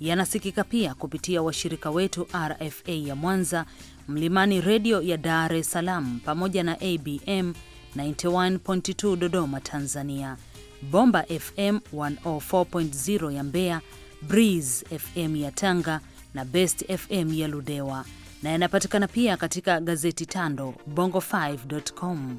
yanasikika pia kupitia washirika wetu RFA ya Mwanza, Mlimani Redio ya Dar es Salaam, pamoja na ABM 91.2 Dodoma Tanzania, Bomba FM 104.0 ya Mbeya, Breeze FM ya Tanga na Best FM ya Ludewa, na yanapatikana pia katika gazeti Tando Bongo5.com.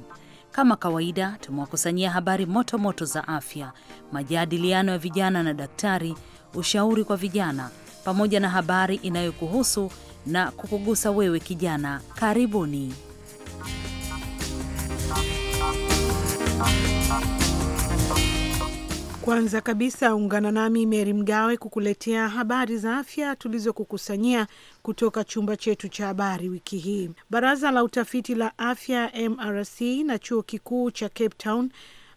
Kama kawaida, tumewakusanyia habari moto moto za afya, majadiliano ya vijana na daktari ushauri kwa vijana, pamoja na habari inayokuhusu na kukugusa wewe kijana. Karibuni. Kwanza kabisa ungana nami Meri Mgawe kukuletea habari za afya tulizokukusanyia kutoka chumba chetu cha habari wiki hii. Baraza la utafiti la afya MRC na chuo kikuu cha Cape Town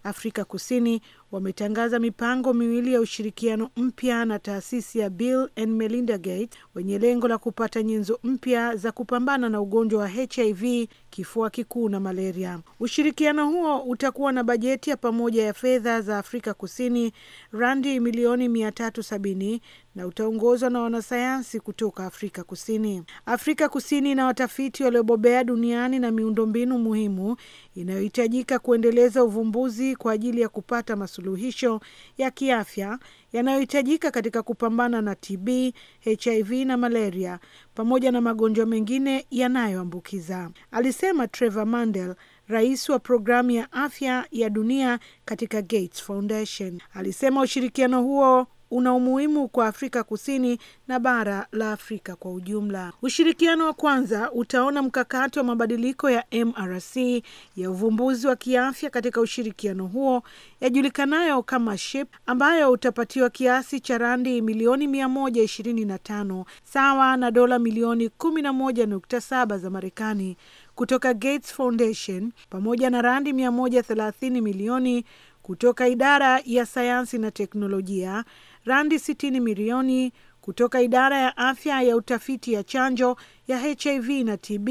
Afrika Kusini wametangaza mipango miwili ya ushirikiano mpya na taasisi ya Bill and Melinda Gates wenye lengo la kupata nyenzo mpya za kupambana na ugonjwa wa HIV, kifua kikuu na malaria. Ushirikiano huo utakuwa na bajeti ya pamoja ya fedha za Afrika Kusini randi milioni 370 na utaongozwa na wanasayansi kutoka Afrika Kusini. Afrika Kusini na watafiti waliobobea duniani na miundombinu muhimu inayohitajika kuendeleza uvumbuzi kwa ajili ya kupata masu suluhisho ya kiafya yanayohitajika katika kupambana na TB, HIV na malaria pamoja na magonjwa mengine yanayoambukiza, alisema Trevor Mandel, rais wa programu ya afya ya dunia katika Gates Foundation. Alisema ushirikiano huo una umuhimu kwa Afrika Kusini na bara la Afrika kwa ujumla. Ushirikiano wa kwanza utaona mkakati wa mabadiliko ya MRC ya uvumbuzi wa kiafya katika ushirikiano huo yajulikanayo kama SHIP, ambayo utapatiwa kiasi cha randi milioni 125 sawa na dola milioni 11.7 za Marekani kutoka Gates Foundation pamoja na randi 130 milioni kutoka idara ya sayansi na teknolojia randi 60 milioni kutoka idara ya afya ya utafiti ya chanjo ya HIV na TB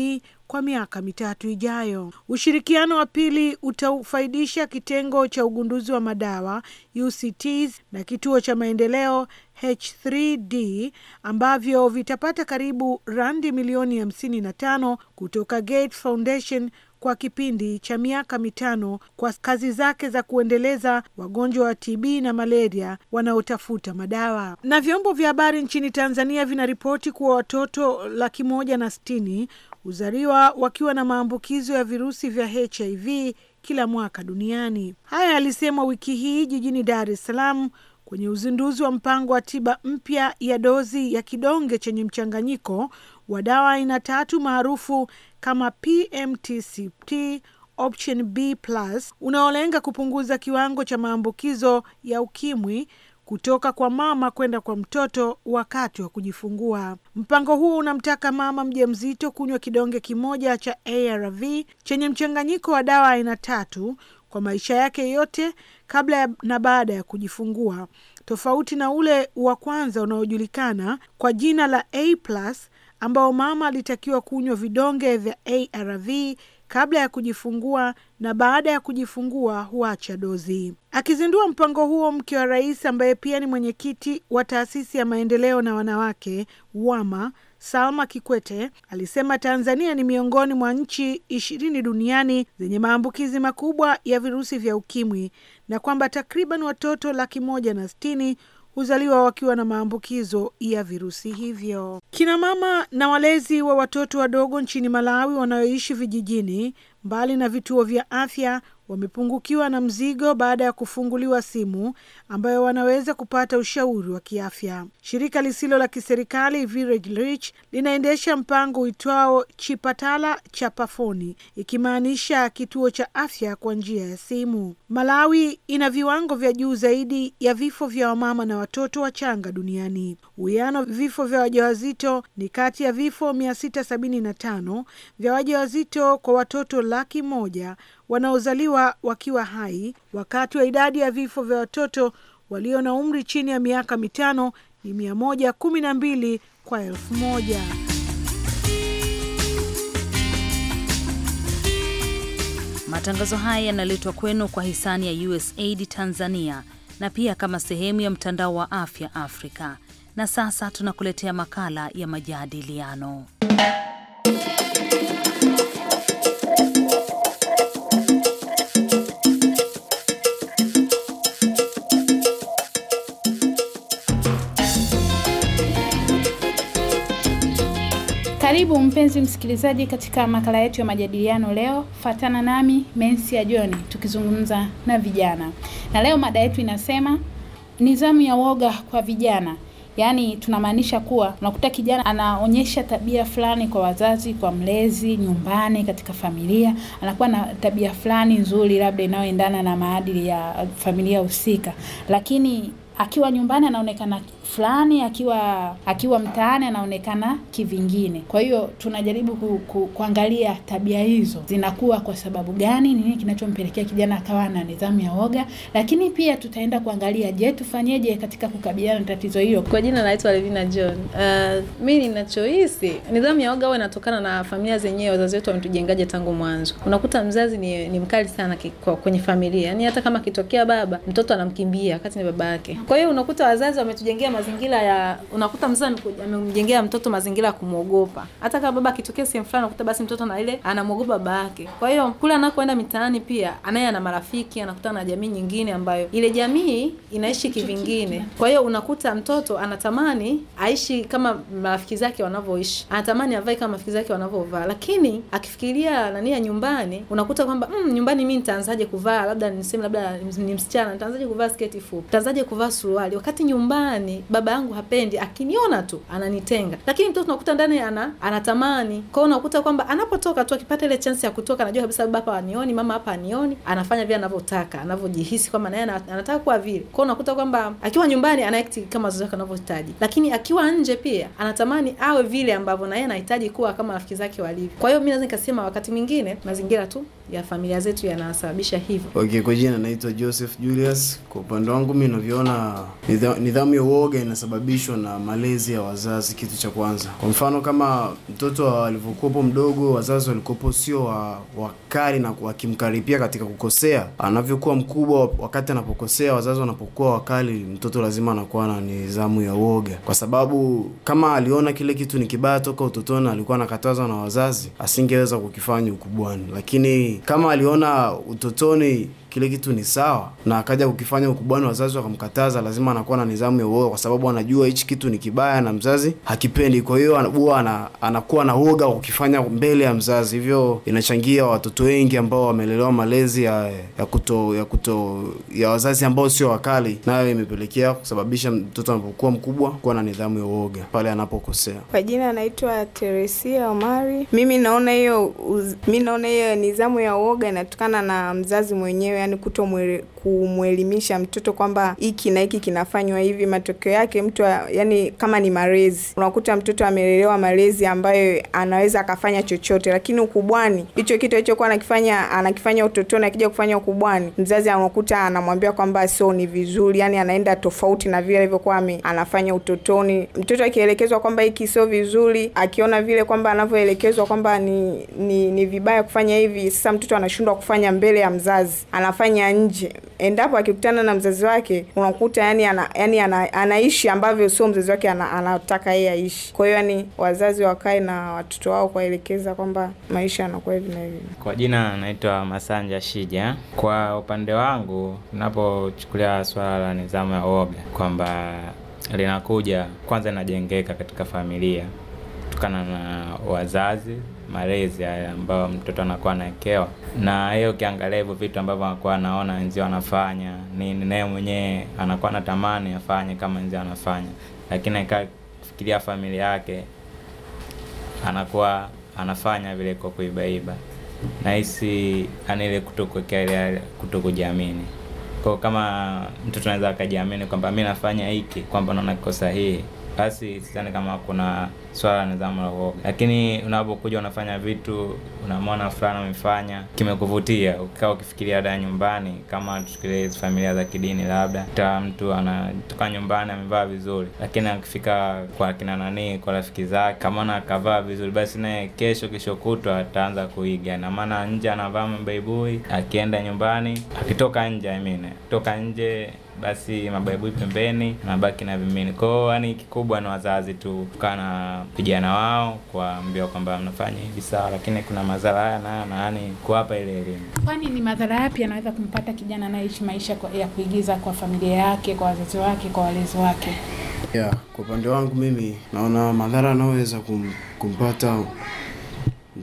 kwa miaka mitatu ijayo. Ushirikiano wa pili utafaidisha kitengo cha ugunduzi wa madawa UCTs na kituo cha maendeleo H3D ambavyo vitapata karibu randi milioni 55 kutoka Gates Foundation kwa kipindi cha miaka mitano kwa kazi zake za kuendeleza wagonjwa wa TB na malaria wanaotafuta madawa. Na vyombo vya habari nchini Tanzania vinaripoti kuwa watoto laki moja na sitini huzaliwa wakiwa na maambukizo ya virusi vya HIV kila mwaka duniani. Haya yalisemwa wiki hii jijini Dar es Salaam kwenye uzinduzi wa mpango wa tiba mpya ya dozi ya kidonge chenye mchanganyiko wa dawa aina tatu maarufu kama PMTCT option B plus unaolenga kupunguza kiwango cha maambukizo ya ukimwi kutoka kwa mama kwenda kwa mtoto wakati wa kujifungua. Mpango huo unamtaka mama mjamzito kunywa kidonge kimoja cha ARV chenye mchanganyiko wa dawa aina tatu kwa maisha yake yote kabla ya na baada ya kujifungua, tofauti na ule wa kwanza unaojulikana kwa jina la A plus ambao mama alitakiwa kunywa vidonge vya ARV kabla ya kujifungua na baada ya kujifungua huacha dozi. Akizindua mpango huo, mke wa rais ambaye pia ni mwenyekiti wa taasisi ya maendeleo na wanawake WAMA, Salma Kikwete alisema Tanzania ni miongoni mwa nchi ishirini duniani zenye maambukizi makubwa ya virusi vya ukimwi na kwamba takriban watoto laki moja na sitini huzaliwa wakiwa na maambukizo ya virusi hivyo. Kina mama na walezi wa watoto wadogo nchini Malawi wanaoishi vijijini, mbali na vituo vya afya, wamepungukiwa na mzigo baada ya kufunguliwa simu ambayo wanaweza kupata ushauri wa kiafya. Shirika lisilo la kiserikali Village Reach linaendesha mpango uitwao Chipatala cha pafoni ikimaanisha kituo cha afya kwa njia ya simu. Malawi ina viwango vya juu zaidi ya vifo vya wamama na watoto wachanga duniani. Uwiano vifo vya wajawazito ni kati ya vifo 675 vya wajawazito kwa watoto laki moja wanaozaliwa wakiwa hai, wakati wa idadi ya vifo vya watoto walio na umri chini ya miaka mitano ni 112 kwa elfu moja. Matangazo haya yanaletwa kwenu kwa hisani ya USAID Tanzania na pia kama sehemu ya mtandao wa afya Afrika. Na sasa tunakuletea makala ya majadiliano Karibu mpenzi msikilizaji katika makala yetu ya majadiliano leo. Fatana nami ya John tukizungumza na vijana, na leo mada yetu inasema nidhamu ya woga kwa vijana. Yaani tunamaanisha kuwa unakuta kijana anaonyesha tabia fulani kwa wazazi, kwa mlezi, nyumbani, katika familia, anakuwa na tabia fulani nzuri, labda inayoendana na maadili ya familia husika, lakini akiwa nyumbani anaonekana fulani akiwa akiwa mtaani anaonekana kivingine. Kwa hiyo tunajaribu ku, ku, kuangalia tabia hizo zinakuwa kwa sababu gani, nini kinachompelekea kijana akawa na nidhamu ya woga, lakini pia tutaenda kuangalia, je, tufanyeje katika kukabiliana na tatizo hilo. Kwa jina naitwa Levina John. Uh, mi ninachohisi nidhamu ya woga huwa inatokana na familia zenyewe, wazazi wetu wametujengaje tangu mwanzo. Unakuta mzazi ni, ni mkali sana kwa, kwenye familia, yaani hata kama akitokea baba mtoto anamkimbia wakati ni baba yake. Kwa hiyo unakuta wazazi wametujengea mazingira ya unakuta mzazi amemjengea mtoto mazingira ya kumwogopa. Hata kama baba akitokea sehemu fulani, unakuta basi mtoto na ile anamwogopa baba yake. Kwa hiyo kule anakoenda mitaani, pia anaye ana marafiki, anakutana na jamii nyingine ambayo ile jamii inaishi kivingine. Kwa hiyo unakuta mtoto anatamani aishi kama marafiki zake wanavyoishi, anatamani avae kama marafiki zake wanavyovaa, lakini akifikiria nani ya nyumbani, unakuta kwamba mm, nyumbani mimi nitaanzaje kuvaa, labda niseme, labda ni msichana, nitaanzaje kuvaa sketi fupi, nitaanzaje kuvaa suruali, wakati nyumbani baba yangu hapendi, akiniona tu ananitenga, lakini mtoto unakuta ndani ana anatamani kwao, unakuta kwamba anapotoka tu akipata ile chance ya kutoka, anajua kabisa baba hapa anioni, mama hapa anioni, anafanya vile anavyotaka, anavyojihisi kwamba naye anataka kuwa vile kwao. Unakuta kwamba akiwa nyumbani ana act kama zozote anavyohitaji, lakini akiwa nje pia anatamani awe vile ambavyo naye anahitaji kuwa kama rafiki zake walivyo. Kwa hiyo mimi naweza nikasema wakati mwingine mazingira tu ya familia zetu yanasababisha hivyo. Okay, kwa jina naitwa Joseph Julius. Kwa upande wangu mimi navyoona nidhamu ya uoga inasababishwa na malezi ya wazazi, kitu cha kwanza. Kwa mfano kama mtoto alivyokuwa mdogo, wazazi walikopo sio wakali na wakimkaripia katika kukosea, anavyokuwa mkubwa, wakati anapokosea, wazazi wanapokuwa wakali, mtoto lazima anakuwa na nidhamu ya uoga, kwa sababu kama aliona kile kitu ni kibaya toka utotoni, alikuwa anakatazwa na wazazi, asingeweza kukifanya ukubwani, lakini kama aliona utotoni kile kitu ni sawa, na akaja kukifanya ukubwani, wazazi wakamkataza, lazima anakuwa na nidhamu ya uoga, kwa sababu anajua hichi kitu ni kibaya na mzazi hakipendi. Kwa hiyo huwa anakuwa na uoga wa kukifanya mbele ya mzazi, hivyo inachangia watoto wengi ambao wamelelewa malezi ya, ya kuto ya kuto ya wazazi ambao sio wakali, nayo imepelekea kusababisha mtoto anapokuwa mkubwa kuwa na nidhamu ya uoga pale anapokosea. Kwa jina anaitwa Teresia Omari. Mimi naona hiyo mimi naona hiyo nidhamu ya uoga inatokana na mzazi mwenyewe yani kutomwere kumwelimisha mtoto kwamba hiki na hiki kinafanywa hivi, matokeo yake mtu yani, kama ni malezi, unakuta mtoto amelelewa malezi ambayo anaweza akafanya chochote, lakini ukubwani hicho kitu alichokuwa anakifanya anakifanya utotoni, akija kufanya ukubwani, mzazi anakuta anamwambia kwamba sio, ni vizuri, yani anaenda tofauti na vile alivyokuwa anafanya utotoni. Mtoto akielekezwa kwamba hiki sio vizuri, akiona vile kwamba anavyoelekezwa kwamba ni, ni, ni vibaya kufanya hivi, sasa mtoto anashindwa kufanya mbele ya mzazi, anafanya nje endapo akikutana na mzazi wake unakuta yani, ana, yani ana, anaishi ambavyo sio mzazi wake ana, anataka yeye aishi. Kwa hiyo yani wazazi wakae na watoto wao kuwaelekeza kwamba maisha yanakuwa hivi na hivi. Kwa jina naitwa Masanja Shija. Kwa upande wangu, unapochukulia swala la nidhamu ya uoga kwamba linakuja kwanza, inajengeka katika familia kutokana na wazazi malezi haya ambayo mtoto anakuwa anawekewa, na hiyo ukiangalia hivyo vitu ambavyo anakuwa anaona wenzio wanafanya nini, naye mwenyewe anakuwa anatamani afanye kama wenzio anafanya, lakini akaa kufikiria familia yake, anakuwa anafanya vile kwa kuibaiba. Nahisi ani ile kutokuwekea ile kutokujiamini kwao. kama mtoto anaweza akajiamini kwamba mi nafanya hiki, kwamba naona kiko sahihi, basi sidhani kama kuna swala la nidhamu la uoga lakini unapokuja unafanya vitu unamwona fulani amefanya kimekuvutia, ukikaa ukifikiria ada nyumbani, kama tuchukulie familia za kidini, labda ta mtu anatoka nyumbani amevaa vizuri, lakini akifika kwa kina nani, kwa rafiki zake, kamaona akavaa vizuri, basi naye kesho kesho kutwa ataanza kuiga. Na maana nje anavaa mbaibui akienda nyumbani, akitoka nje, I mean nje basi mabaibui pembeni, nabaki na vimini. Kwa yani kikubwa ni wazazi tu kukaa na vijana wao, kuwaambia kwamba mnafanya hivi sawa, lakini kuna madhara haya na yani kuwapa ile elimu. Kwani ni madhara yapi anaweza kumpata kijana anayeishi maisha kwa, ya kuigiza kwa familia yake, kwa wazazi wake, kwa walezi wake? Yeah, kwa upande wangu mimi naona madhara anaoweza kum, kumpata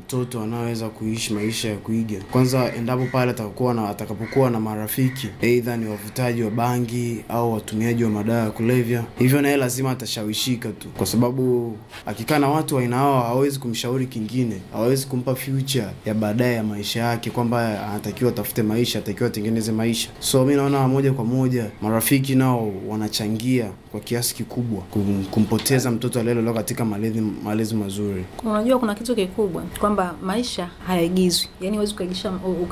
mtoto anaweza kuishi maisha ya kuiga. Kwanza endapo pale atakapokuwa na atakapokuwa na marafiki aidha ni wavutaji wa bangi au watumiaji wa madawa ya kulevya, hivyo naye lazima atashawishika tu, kwa sababu akikaa na watu wa aina hao hawawezi kumshauri kingine, hawawezi kumpa future ya baadaye ya maisha yake, kwamba anatakiwa atafute maisha, atakiwa atengeneze maisha. So mi naona moja kwa moja marafiki nao wanachangia kwa kiasi kikubwa kum, kumpoteza mtoto aliyelelewa katika malezi malezi mazuri. Unajua kuna kitu kikubwa kwamba kwamba maisha hayaigizwi, yani huwezi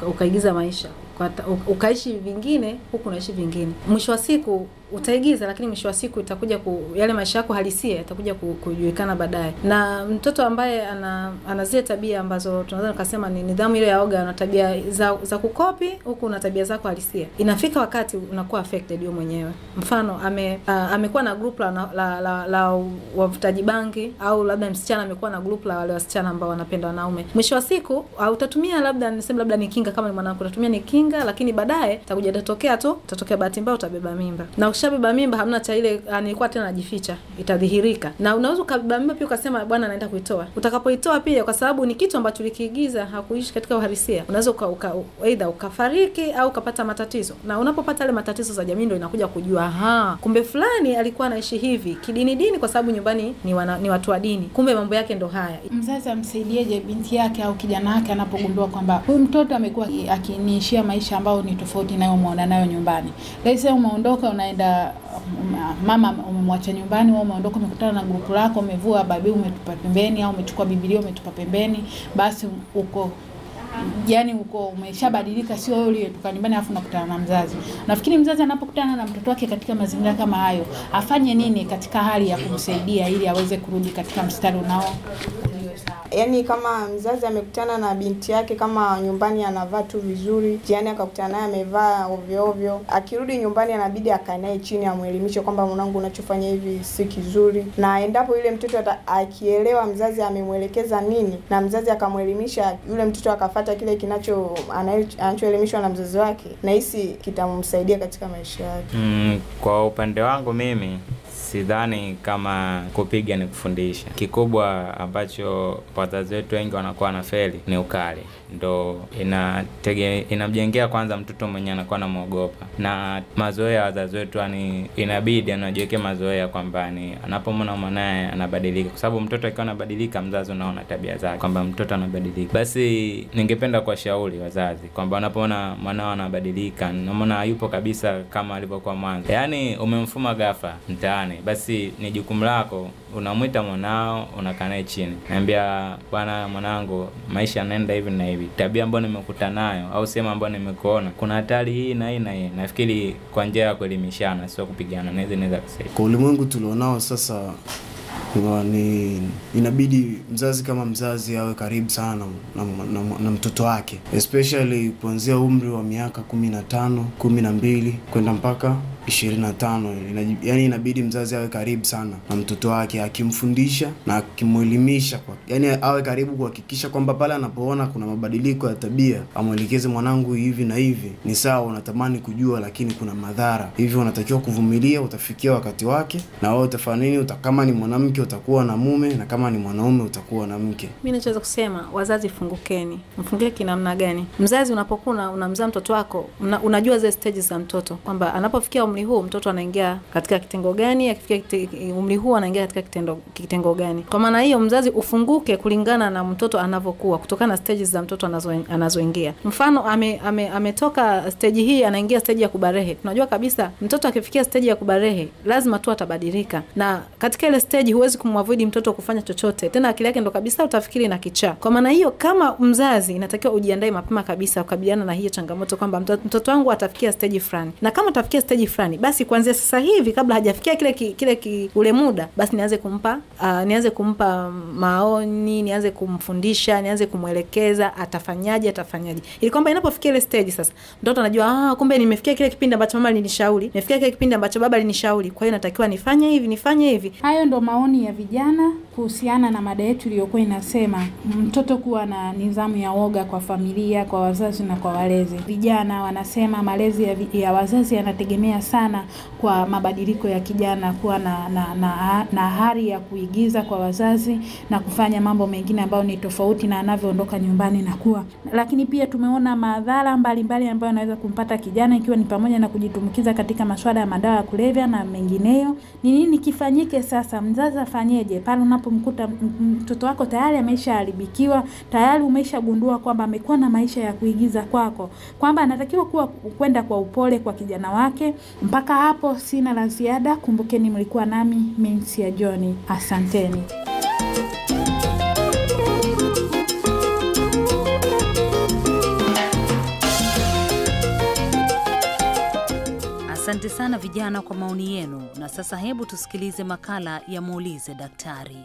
ukaigiza maisha kwa ukaishi vingine huku unaishi vingine. Mwisho wa siku utaigiza, lakini mwisho wa siku itakuja ku, yale maisha yako halisia yatakuja kujulikana baadaye. Na mtoto ambaye ana, ana zile tabia ambazo tunaweza tukasema ni nidhamu ile ya oga na tabia za, za kukopi huku na tabia zako halisia, inafika wakati unakuwa affected wewe mwenyewe. Mfano ame, uh, amekuwa na group la, la, la, la, la wavutaji bangi au labda msichana amekuwa na group la wale wasichana ambao wanapenda wanaume. Mwisho wa siku uh, utatumia labda niseme labda ni kinga, kama ni mwanamke utatumia ni kinga kinga, lakini baadaye takuja tatokea tu tatokea bahati mbaya, utabeba mimba, na ukishabeba mimba hamna cha ile anilikuwa ah, tena najificha, itadhihirika. Na unaweza ukabeba mimba pia ukasema bwana, naenda kuitoa. Utakapoitoa pia, kwa sababu ni kitu ambacho ulikiigiza, hakuishi katika uhalisia, unaweza uka, uka, either ukafariki au ukapata matatizo, na unapopata ile matatizo za jamii ndio inakuja kujua, aha, kumbe fulani alikuwa anaishi hivi kidini dini, kwa sababu nyumbani ni, wana, ni watu wa dini, kumbe mambo yake ndo haya. Mzazi amsaidieje binti yake au kijana wake anapogundua kwamba huyu mtoto amekuwa akiniishia maisha ambayo ni tofauti nayo umeona nayo nyumbani. Let's umeondoka unaenda mama umemwacha nyumbani, wewe umeondoka umekutana na grupu lako, umevua babi umetupa pembeni, au umechukua Biblia umetupa pembeni, basi uko yani uko umeshabadilika, sio wewe uliyetoka nyumbani afu unakutana na mzazi. Nafikiri mzazi anapokutana na mtoto wake katika mazingira kama hayo, afanye nini katika hali ya kumsaidia ili aweze kurudi katika mstari unao Yaani kama mzazi amekutana na binti yake, kama nyumbani anavaa tu vizuri, jiani akakutana naye amevaa ovyo ovyo, akirudi nyumbani anabidi akae naye chini, amwelimishe kwamba mwanangu, unachofanya hivi si kizuri. Na endapo yule mtoto akielewa mzazi amemwelekeza nini na mzazi akamwelimisha, yule mtoto akafata kile kinacho anachoelimishwa na mzazi wake, nahisi kitamsaidia katika maisha yake. Mm, kwa upande wangu mimi sidhani kama kupiga ni kufundisha. Kikubwa ambacho wazazi wetu wengi wanakuwa na feli ni ukali, ndo inatege, inamjengea kwanza mtoto mwenye anakuwa namwogopa na mazoea. Wazazi wetu yani, inabidi anajiwekea mazoea kwamba ni anapomwona mwanaye anabadilika, kwa sababu mtoto akiwa anabadilika, mzazi unaona tabia zake kwamba mtoto anabadilika. Basi ningependa kuwashauri wazazi kwamba wanapoona mwanao anabadilika, namona yupo kabisa kama alivyokuwa mwanzo, yani umemfuma gafa mtaani fulani, basi ni jukumu lako. Unamwita mwanao, unakaa naye chini, naambia bwana, mwanangu, maisha yanaenda hivi na hivi, tabia ambayo nimekuta nayo au sehemu ambayo nimekuona, kuna hatari hii na hii na hii. Nafikiri kwa njia ya kuelimishana, sio kupigana, naweza naweza kusema kwa ulimwengu tulionao sasa ni inabidi mzazi kama mzazi awe karibu sana na, na, na, na mtoto wake especially kuanzia umri wa miaka kumi na tano kumi na mbili kwenda mpaka 25 ina, yani inabidi mzazi awe karibu sana na mtoto wake akimfundisha na akimwelimisha kwa, yani awe karibu kuhakikisha kwamba pale anapoona kuna mabadiliko ya tabia amwelekeze mwanangu, hivi na hivi ni sawa, unatamani kujua lakini kuna madhara, hivyo unatakiwa kuvumilia, utafikia wakati wake na wewe utafanya nini. kama ni mwanamke utakuwa na mume na kama ni mwanaume utakuwa na mke. Mimi nachoweza kusema wazazi, fungukeni. Mfunguke kinamna gani? Mzazi unapokuwa unamzaa mtoto wako una, unajua zile stages za mtoto kwamba anapofikia umri huu mtoto anaingia katika kitengo gani, akifikia umri huu anaingia katika kitendo, kitengo gani. Kwa maana hiyo mzazi ufunguke kulingana na mtoto anavyokuwa, kutokana na stages za mtoto anazoingia. Mfano ametoka ame, stage hii anaingia stage ya kubarehe, tunajua kabisa mtoto akifikia stage ya kubarehe lazima tu atabadilika, na katika ile stage huwezi kumwavidi mtoto kufanya chochote tena, akili yake ndo kabisa utafikiri na kichaa. Kwa maana hiyo kama mzazi inatakiwa ujiandae mapema kabisa kukabiliana na hiyo changamoto kwamba mtoto wangu atafikia stage fulani, na kama atafikia stage fulani fulani basi kuanzia sasa hivi kabla hajafikia kile ki, kile ki, ule muda, basi nianze kumpa uh, nianze kumpa maoni, nianze kumfundisha, nianze kumwelekeza atafanyaje, atafanyaje, ili kwamba inapofikia ile stage sasa mtoto anajua, ah, kumbe nimefikia kile kipindi ambacho mama alinishauri, nimefikia kile kipindi ambacho baba alinishauri, kwa hiyo natakiwa nifanye hivi, nifanye hivi. Hayo ndo maoni ya vijana kuhusiana na mada yetu iliyokuwa inasema mtoto kuwa na nidhamu ya woga kwa familia, kwa wazazi na kwa walezi. Vijana wanasema malezi ya, ya wazazi yanategemea sana sana kwa mabadiliko ya kijana kuwa na, na, na, na hari ya kuigiza kwa wazazi na kufanya mambo mengine ambayo ni tofauti na anavyoondoka nyumbani na kuwa. Lakini pia tumeona madhara mbalimbali ambayo anaweza kumpata kijana ikiwa ni pamoja na kujitumbukiza katika masuala ya madawa ya kulevya na mengineyo. Ni nini kifanyike sasa? Mzazi afanyeje pale unapomkuta mtoto wako tayari ameshaharibikiwa, tayari umeshagundua kwamba amekuwa na maisha ya kuigiza kwako, kwamba anatakiwa kuwa kwenda kwa upole kwa kijana wake mpaka hapo sina la ziada. Kumbukeni mlikuwa nami ya Joni, asanteni. Asante sana vijana kwa maoni yenu, na sasa hebu tusikilize makala ya muulize daktari.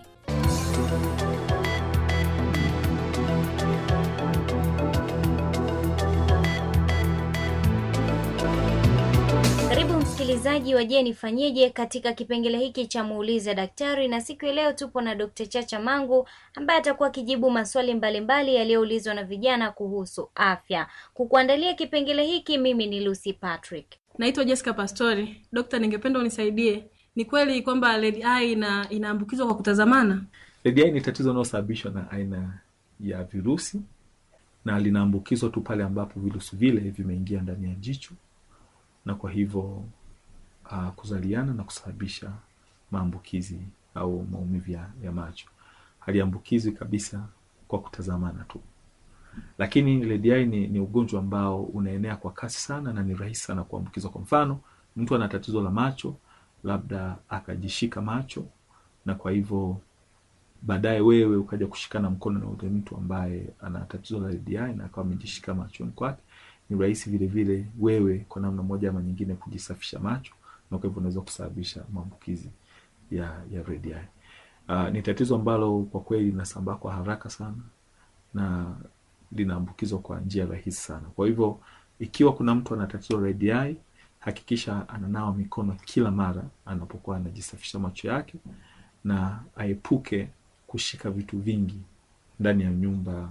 Karibu msikilizaji wa Je nifanyeje katika kipengele hiki cha muulize daktari, na siku ya leo tupo na Dr. Chacha Mangu ambaye atakuwa akijibu maswali mbalimbali yaliyoulizwa na vijana kuhusu afya. Kukuandalia kipengele hiki mimi ni Lucy Patrick. Naitwa Jessica Pastori. Dokta, ningependa unisaidie, ni kweli kwamba red eye ina inaambukizwa kwa kutazamana? Red eye ni tatizo linalosababishwa na aina ya virusi na linaambukizwa tu pale ambapo virusi vile vimeingia ndani ya jicho na kwa hivyo uh, kuzaliana na kusababisha maambukizi au maumivu ya, ya macho. haliambukizi kabisa kwa kutazamana tu, lakini LED eye ni, ni ugonjwa ambao unaenea kwa kasi sana na ni rahisi sana kuambukizwa. Kwa mfano, mtu ana tatizo la macho labda akajishika macho, na kwa hivyo baadaye wewe ukaja kushikana mkono na ule mtu ambaye ana tatizo la LED eye na akawa amejishika machoni kwake, ni rahisi vilevile wewe kwa namna moja ama nyingine kujisafisha macho na kwa hivyo unaweza kusababisha maambukizi ya, ya red eye. Uh, ni tatizo ambalo kwa kweli linasambaa kwa haraka sana na linaambukizwa kwa njia rahisi sana. Kwa hivyo ikiwa kuna mtu ana tatizo red eye, hakikisha ananawa mikono kila mara anapokuwa anajisafisha macho yake na aepuke kushika vitu vingi ndani ya nyumba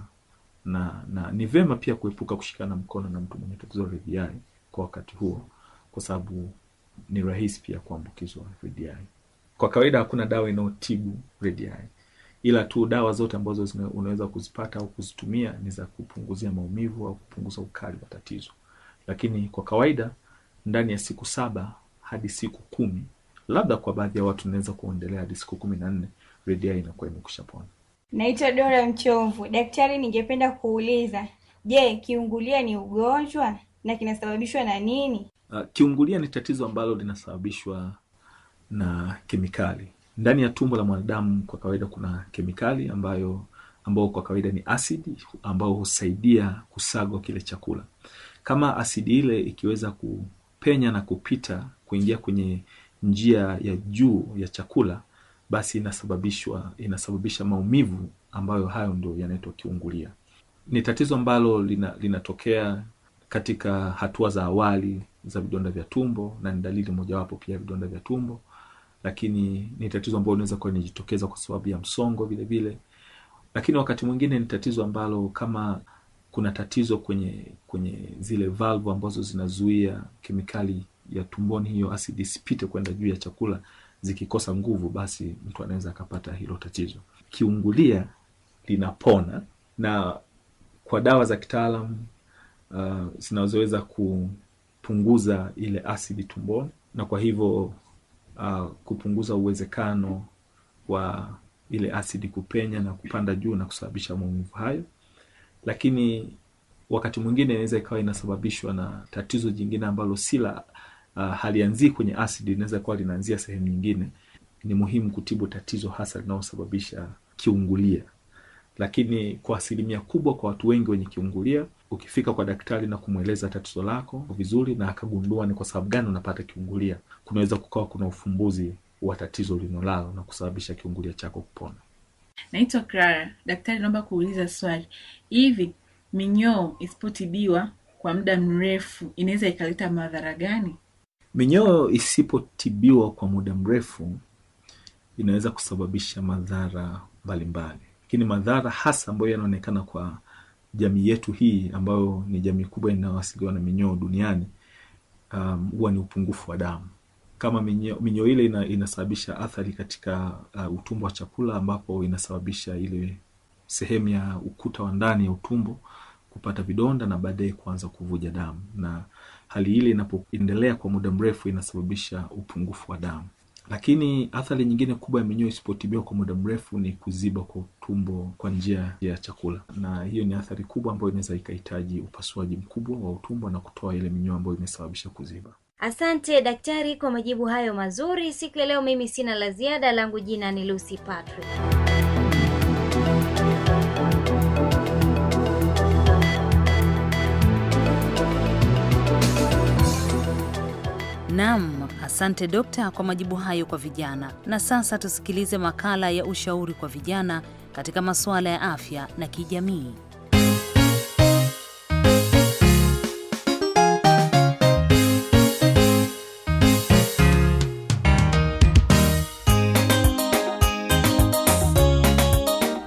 na, na ni vema pia kuepuka kushikana mkono na mtu mwenye tatizo la kwa wakati huo, kwa sababu ni rahisi pia kuambukizwa VVI. Kwa kawaida hakuna dawa inayotibu VVI, ila tu dawa zote ambazo unaweza kuzipata au kuzitumia ni za kupunguzia maumivu au kupunguza ukali wa tatizo, lakini kwa kawaida ndani ya siku saba hadi siku kumi, labda kwa baadhi ya watu unaweza kuendelea hadi siku kumi na nne, VVI inakuwa imekusha pona. Naitwa Dora Mchomvu. Daktari, ningependa kuuliza, je, kiungulia ni ugonjwa na kinasababishwa na nini? Uh, kiungulia ni tatizo ambalo linasababishwa na kemikali ndani ya tumbo la mwanadamu. Kwa kawaida kuna kemikali ambayo ambao kwa kawaida ni asidi ambao husaidia kusagwa kile chakula. Kama asidi ile ikiweza kupenya na kupita kuingia kwenye njia ya juu ya chakula basi inasababishwa inasababisha maumivu ambayo hayo ndio yanaitwa kiungulia. Ni tatizo ambalo lina, linatokea katika hatua za awali za vidonda vya tumbo na ni dalili mojawapo pia vidonda vya tumbo, lakini ni tatizo ambalo linaweza kuwa linajitokeza kwa sababu ya msongo vile vile, lakini wakati mwingine ni tatizo ambalo kama kuna tatizo kwenye kwenye zile valvu ambazo zinazuia kemikali ya tumboni hiyo asidi isipite kwenda juu ya chakula zikikosa nguvu, basi mtu anaweza akapata hilo tatizo. Kiungulia linapona na kwa dawa za kitaalam uh, zinazoweza kupunguza ile asidi tumboni na kwa hivyo uh, kupunguza uwezekano wa ile asidi kupenya na kupanda juu na kusababisha maumivu hayo. Lakini wakati mwingine inaweza ikawa inasababishwa na tatizo jingine ambalo si la Ah, halianzii kwenye asidi, inaweza kuwa linaanzia sehemu nyingine. Ni muhimu kutibu tatizo hasa linalosababisha kiungulia, lakini kwa asilimia kubwa, kwa watu wengi wenye kiungulia, ukifika kwa daktari na kumweleza tatizo lako vizuri na akagundua ni kwa sababu gani unapata kiungulia, kunaweza kukawa kuna ufumbuzi wa tatizo linolalo na kusababisha kiungulia chako kupona. Naitwa Clara. Daktari, naomba kuuliza swali. Hivi minyoo isipotibiwa kwa muda mrefu inaweza ikaleta madhara gani? Minyoo isipotibiwa kwa muda mrefu inaweza kusababisha madhara mbalimbali, lakini madhara hasa ambayo yanaonekana kwa jamii yetu hii ambayo ni jamii kubwa inayoasiliwa na minyoo duniani um, huwa um, ni upungufu wa damu. Kama minyoo, minyoo ile ina, inasababisha athari katika uh, utumbo wa chakula ambapo inasababisha ile sehemu ya ukuta wa ndani ya utumbo kupata vidonda na baadaye kuanza kuvuja damu na hali ile inapoendelea kwa muda mrefu inasababisha upungufu wa damu. Lakini athari nyingine kubwa ya minyoo isipotibiwa kwa muda mrefu ni kuziba kwa utumbo kwa njia ya chakula, na hiyo ni athari kubwa ambayo inaweza ikahitaji upasuaji mkubwa wa utumbo na kutoa ile minyoo ambayo imesababisha kuziba. Asante daktari kwa majibu hayo mazuri. Siku ya leo mimi sina la ziada, langu jina ni Lucy Patrick. Naam, asante dokta kwa majibu hayo kwa vijana. Na sasa tusikilize makala ya ushauri kwa vijana katika masuala ya afya na kijamii.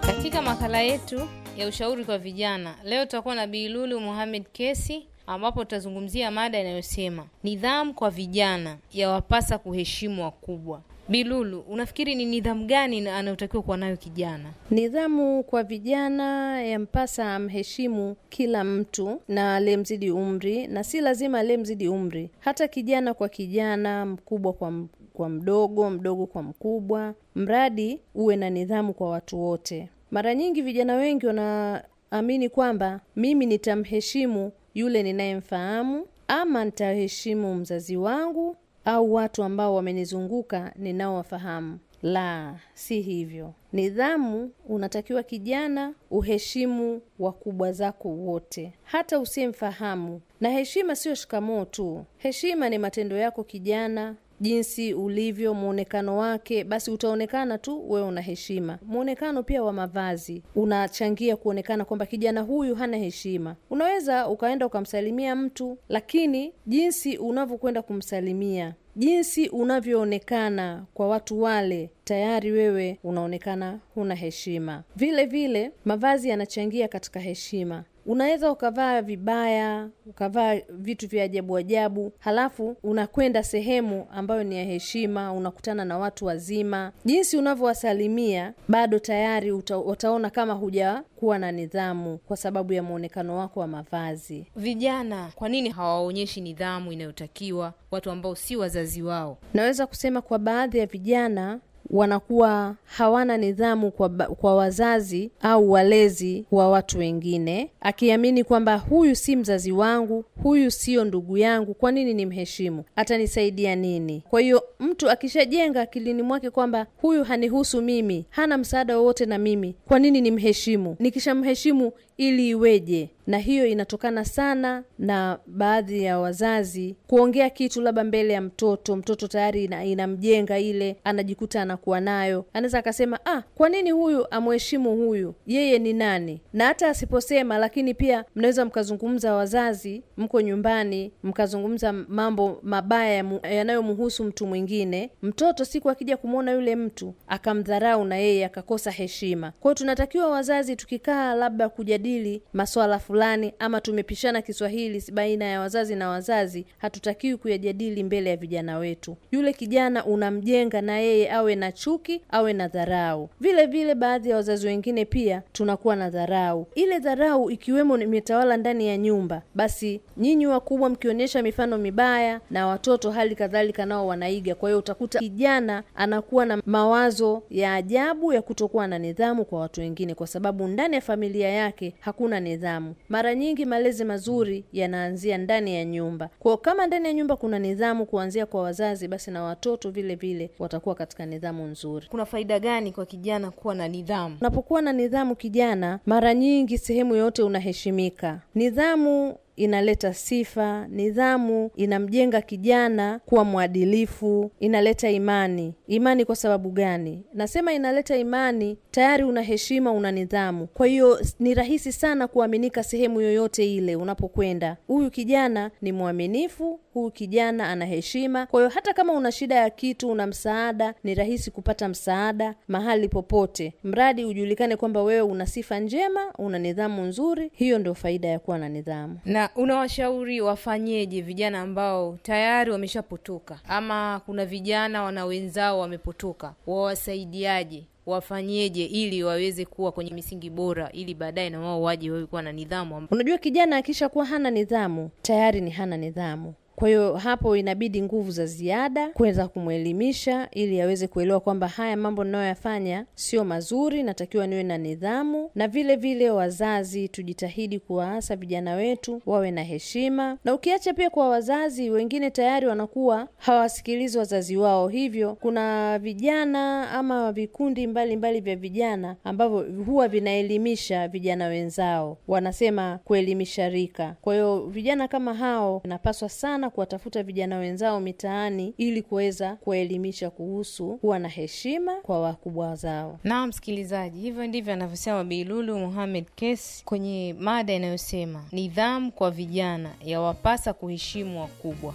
Katika makala yetu ya ushauri kwa vijana leo tutakuwa na Bi Lulu Muhamed Kesi ambapo tutazungumzia mada inayosema nidhamu kwa vijana yawapasa kuheshimu wakubwa. Bilulu, unafikiri ni nidhamu gani anayotakiwa kuwa nayo kijana? Nidhamu kwa vijana yampasa amheshimu kila mtu na aliyemzidi umri, na si lazima aliyemzidi umri, hata kijana kwa kijana, mkubwa kwa kwa mdogo, mdogo kwa mkubwa, mradi uwe na nidhamu kwa watu wote. Mara nyingi vijana wengi wana amini kwamba mimi nitamheshimu yule ninayemfahamu ama nitaheshimu mzazi wangu au watu ambao wamenizunguka ninaowafahamu. La, si hivyo. Nidhamu, unatakiwa kijana uheshimu wakubwa zako wote, hata usiyemfahamu. Na heshima siyo shikamoo tu, heshima ni matendo yako kijana jinsi ulivyo, muonekano wake, basi utaonekana tu wewe una heshima. Muonekano pia wa mavazi unachangia kuonekana kwamba kijana huyu hana heshima. Unaweza ukaenda ukamsalimia mtu, lakini jinsi unavyokwenda kumsalimia jinsi unavyoonekana kwa watu wale, tayari wewe unaonekana huna heshima. Vile vile mavazi yanachangia katika heshima unaweza ukavaa vibaya ukavaa vitu vya ajabu ajabu, halafu unakwenda sehemu ambayo ni ya heshima, unakutana na watu wazima. Jinsi unavyowasalimia bado tayari uta, utaona kama hujakuwa na nidhamu kwa sababu ya mwonekano wako wa mavazi. Vijana kwa nini hawaonyeshi nidhamu inayotakiwa watu ambao si wazazi wao? Naweza kusema kwa baadhi ya vijana wanakuwa hawana nidhamu kwa, kwa wazazi au walezi wa watu wengine, akiamini kwamba huyu si mzazi wangu, huyu siyo ndugu yangu, kwa nini ni mheshimu Atanisaidia nini? Kwa hiyo mtu akishajenga akilini mwake kwamba huyu hanihusu mimi, hana msaada wowote na mimi, kwa nini ni mheshimu? Nikishamheshimu ili iweje? Na hiyo inatokana sana na baadhi ya wazazi kuongea kitu labda mbele ya mtoto, mtoto tayari ina, inamjenga ile, anajikuta anakuwa nayo. Anaweza akasema ah, kwa nini huyu amheshimu huyu, yeye ni nani? Na hata asiposema, lakini pia mnaweza mkazungumza, wazazi mko nyumbani, mkazungumza mambo mabaya yanayomhusu mtu mwingine. Mtoto siku akija kumwona yule mtu akamdharau, na yeye akakosa heshima. kwao tunatakiwa wazazi tukikaa labda tumejadili masuala fulani ama tumepishana Kiswahili baina ya wazazi na wazazi, hatutakiwi kuyajadili mbele ya vijana wetu. Yule kijana unamjenga na yeye awe na chuki, awe na dharau. Vile vile, baadhi ya wazazi wengine pia tunakuwa na dharau. Ile dharau ikiwemo imetawala ndani ya nyumba, basi nyinyi wakubwa mkionyesha mifano mibaya na watoto hali kadhalika nao wanaiga. Kwa hiyo utakuta kijana anakuwa na mawazo ya ajabu ya kutokuwa na nidhamu kwa watu wengine, kwa sababu ndani ya familia yake hakuna nidhamu. Mara nyingi malezi mazuri yanaanzia ndani ya nyumba. Kwa kama ndani ya nyumba kuna nidhamu kuanzia kwa wazazi, basi na watoto vile vile watakuwa katika nidhamu nzuri. Kuna faida gani kwa kijana kuwa na nidhamu? Unapokuwa na nidhamu kijana, mara nyingi sehemu yote unaheshimika. Nidhamu inaleta sifa. Nidhamu inamjenga kijana kuwa mwadilifu, inaleta imani. Imani kwa sababu gani? Nasema inaleta imani, tayari una heshima, una nidhamu, kwa hiyo ni rahisi sana kuaminika sehemu yoyote ile unapokwenda. Huyu kijana ni mwaminifu, huyu kijana ana heshima. Kwa hiyo hata kama una shida ya kitu, una msaada, ni rahisi kupata msaada mahali popote, mradi ujulikane kwamba wewe una sifa njema, una nidhamu nzuri. Hiyo ndio faida ya kuwa na nidhamu na unawashauri wafanyeje vijana ambao tayari wameshapotoka, ama kuna vijana wana wenzao wamepotoka, wawasaidiaje? wafanyeje ili waweze kuwa kwenye misingi bora ili baadaye na wao waje wawe kuwa na nidhamu. Unajua, kijana akishakuwa hana nidhamu tayari ni hana nidhamu. Kwa hiyo hapo inabidi nguvu za ziada kuweza kumwelimisha ili aweze kuelewa kwamba haya mambo ninayoyafanya sio mazuri, natakiwa niwe na nidhamu. Na vile vile wazazi tujitahidi kuwaasa vijana wetu wawe na heshima, na ukiacha pia kwa wazazi wengine tayari wanakuwa hawasikilizi wazazi wao, hivyo kuna vijana ama vikundi mbalimbali mbali vya vijana ambavyo huwa vinaelimisha vijana wenzao, wanasema kuelimisha rika. Kwa hiyo vijana kama hao inapaswa sana sana kuwatafuta vijana wenzao mitaani ili kuweza kuwaelimisha kuhusu kuwa na heshima kwa wakubwa zao. Na msikilizaji, hivyo ndivyo anavyosema Bilulu Muhamed Kesi kwenye mada inayosema nidhamu kwa vijana yawapasa kuheshimu wakubwa.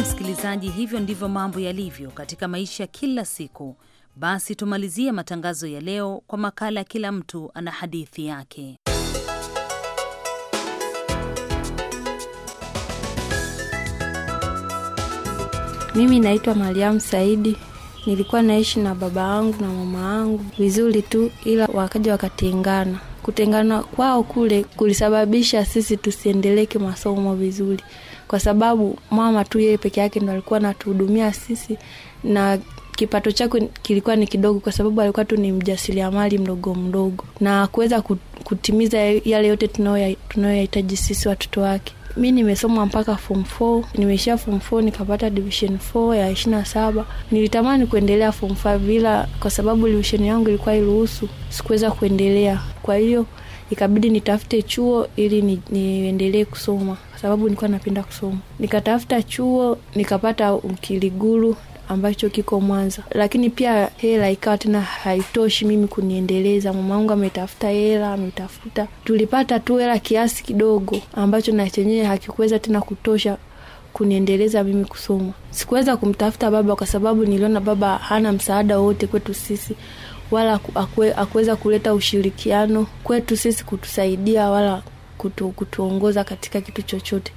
Msikilizaji, hivyo ndivyo mambo yalivyo katika maisha kila siku. Basi tumalizie matangazo ya leo kwa makala Kila mtu ana hadithi yake. Mimi naitwa Mariamu Saidi. Nilikuwa naishi na baba yangu na mama yangu vizuri tu, ila wakaja wakatengana. Kutengana kwao kule kulisababisha sisi tusiendeleke masomo vizuri, kwa sababu mama tu yeye peke yake ndo alikuwa anatuhudumia sisi, na kipato chako kilikuwa ni kidogo, kwa sababu alikuwa tu ni mjasiriamali mdogo mdogo, na kuweza kutimiza yale yote tunayoyahitaji sisi watoto wake. Mi nimesoma mpaka form 4 nimeishia form 4 nikapata division 4 ya ishirini na saba. Nilitamani kuendelea form 5 ila kwa sababu division yangu ilikuwa iruhusu, sikuweza kuendelea. Kwa hiyo ikabidi nitafute chuo ili ni, niendelee kusoma kwa sababu nilikuwa napenda kusoma. Nikatafuta chuo nikapata Ukiliguru ambacho kiko Mwanza, lakini pia hela ikawa tena haitoshi mimi kuniendeleza. Mamaangu ametafuta hela, ametafuta, tulipata tu hela kiasi kidogo ambacho na chenyewe hakikuweza tena kutosha kuniendeleza mimi kusoma. Sikuweza kumtafuta baba kwa sababu niliona baba hana msaada wowote kwetu sisi, wala akuweza kuleta ushirikiano kwetu sisi kutusaidia wala kutu, kutuongoza katika kitu chochote.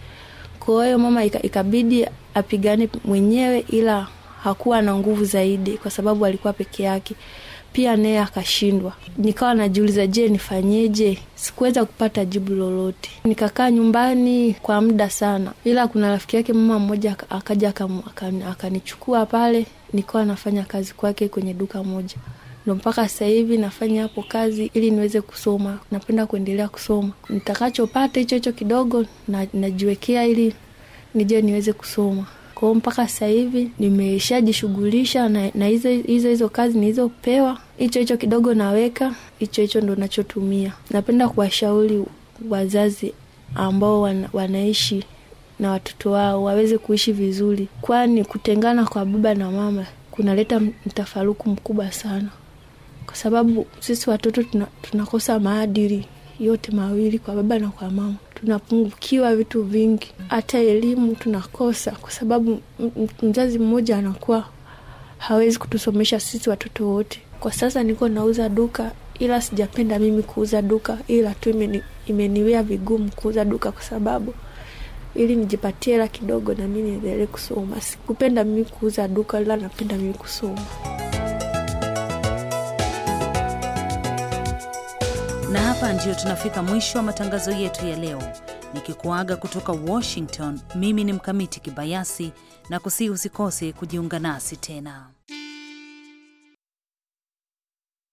Kwa hiyo mama ikabidi apigane mwenyewe ila hakuwa na nguvu zaidi, kwa sababu alikuwa peke yake. Pia naye akashindwa. Nikawa najiuliza, je, nifanyeje? Sikuweza kupata jibu lolote. Nikakaa nyumbani kwa muda sana, ila kuna rafiki yake mama mmoja akaja akanichukua pale, nikawa nafanya kazi kwake kwenye duka moja ndo mpaka sasa hivi nafanya hapo kazi ili niweze kusoma. Napenda kuendelea kusoma, nitakachopata hicho hicho kidogo na, najiwekea ili nije niweze kusoma kwao mpaka sasa hivi nimeshajishughulisha na hizo hizo hizo kazi nilizopewa, hicho hicho kidogo naweka hicho hicho ndo nachotumia. Napenda kuwashauri wazazi ambao wana, wanaishi na watoto wao waweze kuishi vizuri, kwani kutengana kwa baba na mama kunaleta mtafaruku mkubwa sana, kwa sababu sisi watoto tunakosa maadili yote mawili kwa baba na kwa mama tunapungukiwa vitu vingi, hata elimu tunakosa, kwa sababu mzazi mmoja anakuwa hawezi kutusomesha sisi watoto wote. Kwa sasa niko nauza duka, ila sijapenda mimi kuuza duka, ila tu imeni, imeniwia vigumu kuuza duka kwa sababu ili nijipatie hela kidogo na mi niendelee kusoma. Sikupenda mimi kuuza duka, ila napenda mimi kusoma. Na hapa ndiyo tunafika mwisho wa matangazo yetu ya leo, nikikuaga kutoka Washington. Mimi ni Mkamiti Kibayasi na kusihi usikose kujiunga nasi tena.